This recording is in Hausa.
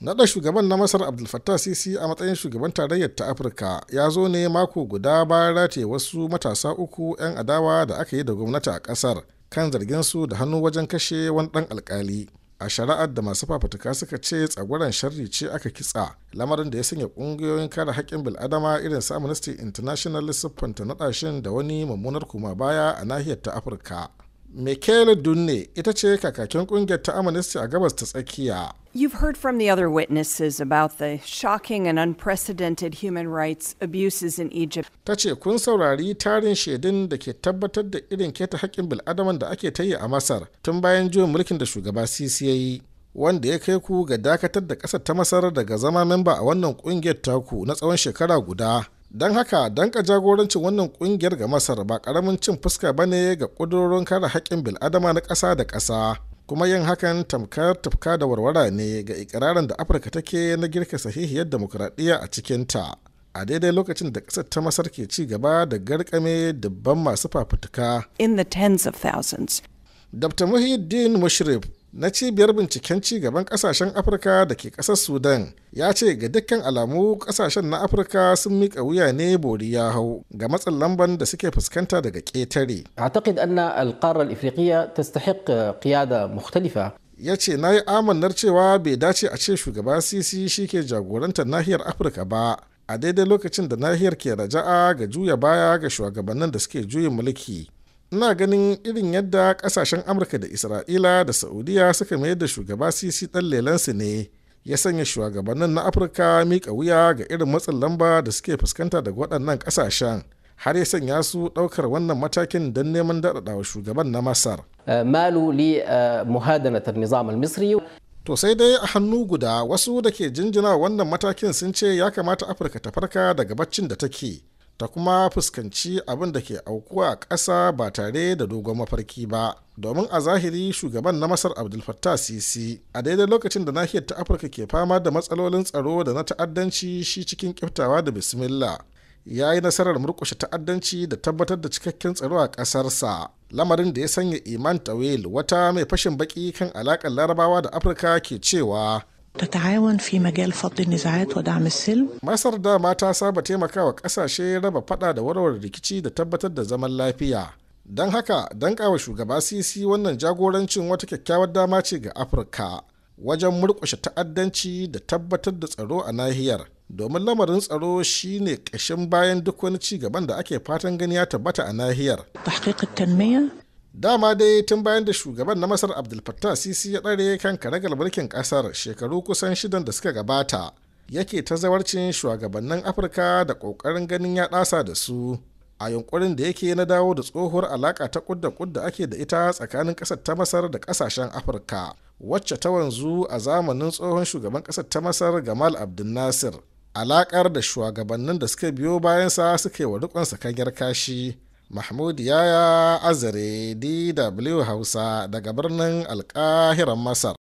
naɗa shugaban na masar abdul fattah sisi a matsayin shugaban tarayyar ta afirka ya zo ne mako guda bayan rataye wasu matasa uku 'yan adawa da aka yi da gwamnati a ƙasar kan zargin su da hannu wajen kashe wani ɗan alkali a shari'ar da masu fafatuka suka ce tsagwaron sharri ce aka kitsa lamarin da ya sanya ƙungiyoyin kare haƙƙin bil'adama irin su amnesty international siffanta naɗashin da wani mummunar kuma baya a nahiyar ta afirka michael dunne ita ce kakakin ƙungiyar ta amnesty a gabas ta tsakiya You've heard from the other witnesses about the shocking and unprecedented human rights abuses in Egypt. Ta ce kun saurari tarin shaidun da ke tabbatar da irin keta haƙƙin bil'adaman da ake ta yi a Masar tun bayan juyin mulkin da shugaba Sisi ya yi. Wanda ya kai ku ga dakatar da ƙasar ta Masar daga zama memba a wannan ƙungiyar taku na tsawon shekara guda. Don haka danka jagorancin wannan ƙungiyar ga Masar ba ƙaramin cin fuska bane ga ƙudurorin kare haƙƙin bil'adama na ƙasa da ƙasa. kuma yin hakan tamkar tafka da warwara ne ga ikirarin da afirka take na girka sahihiyar demokuraɗiyya a cikinta a daidai lokacin da ƙasar ta masar ke ci gaba da garkame dubban masu fafutuka in the tens of thousands dr muhyiddin mushrif na cibiyar binciken ci gaban kasashen afirka da ke kasar sudan ya ce ga dukkan alamu kasashen na afirka sun miƙa wuya ne bori ya hau ga matsin lamban da suke fuskanta daga ƙetare ya ce na yi amannar cewa bai dace a ce shugaba sisi shike jagorantar nahiyar afirka ba a daidai lokacin da nahiyar ke raja'a ga juya baya ga shugabannin da suke juyin mulki ina ganin irin yadda kasashen amurka da isra'ila da saudiya suka mayar da shugaba sisi dan lelansu ne ya sanya shugabannin na afirka mika wuya ga irin matsin lamba da suke fuskanta daga waɗannan kasashen har ya sanya su ɗaukar wannan matakin don neman daɗaɗawa shugaban na masar eh, malu li eh, muhadanatar nizam misri to sai dai a hannu guda wasu da ke jinjina wannan matakin sun ce ya kamata afirka ta farka daga baccin da take ta kuma fuskanci abin da ke aukuwa a ƙasa ba tare da dogon mafarki ba domin a zahiri shugaban na masar abdul fattah sisi a daidai lokacin da nahiyar ta afirka ke fama da matsalolin tsaro da na ta'addanci shi cikin kiftawa da bismillah ya yi nasarar murkushe ta'addanci da tabbatar da cikakken tsaro a ƙasarsa lamarin da ya sanya iman tawil wata mai fashin baki kan alaƙar larabawa da afirka ke cewa تتعاون في مجال فض النزاعات ودعم السلم masar da mata saba taimakawa kasashe raba fada da warware rikici da tabbatar da zaman lafiya don haka don kawo shugaba sisi wannan jagorancin wata kyakkyawar dama ce ga afirka wajen murkushe ta'addanci da tabbatar da tsaro a nahiyar domin lamarin tsaro shine ƙashin bayan duk wani ci gaban da ake fatan gani ya tabbata a nahiyar dama dai tun bayan da shugaban na masar abdul fattah sisi ya ɗare kan karagar mulkin kasar shekaru kusan shidan da suka gabata yake ta zawarcin shugabannin afirka da ƙoƙarin ganin ya ɗasa da su a yunkurin da yake na dawo da tsohuwar alaka ta kudda kudda ake da ita tsakanin ƙasar ta masar da ƙasashen afirka wacce ta wanzu a zamanin tsohon shugaban ƙasar ta masar gamal abdul nasir alaƙar da shugabannin da suka biyo bayansa suka yi wa riƙon sakanyar kashi mahmud yaya azare dw hausa daga birnin alkahiran masar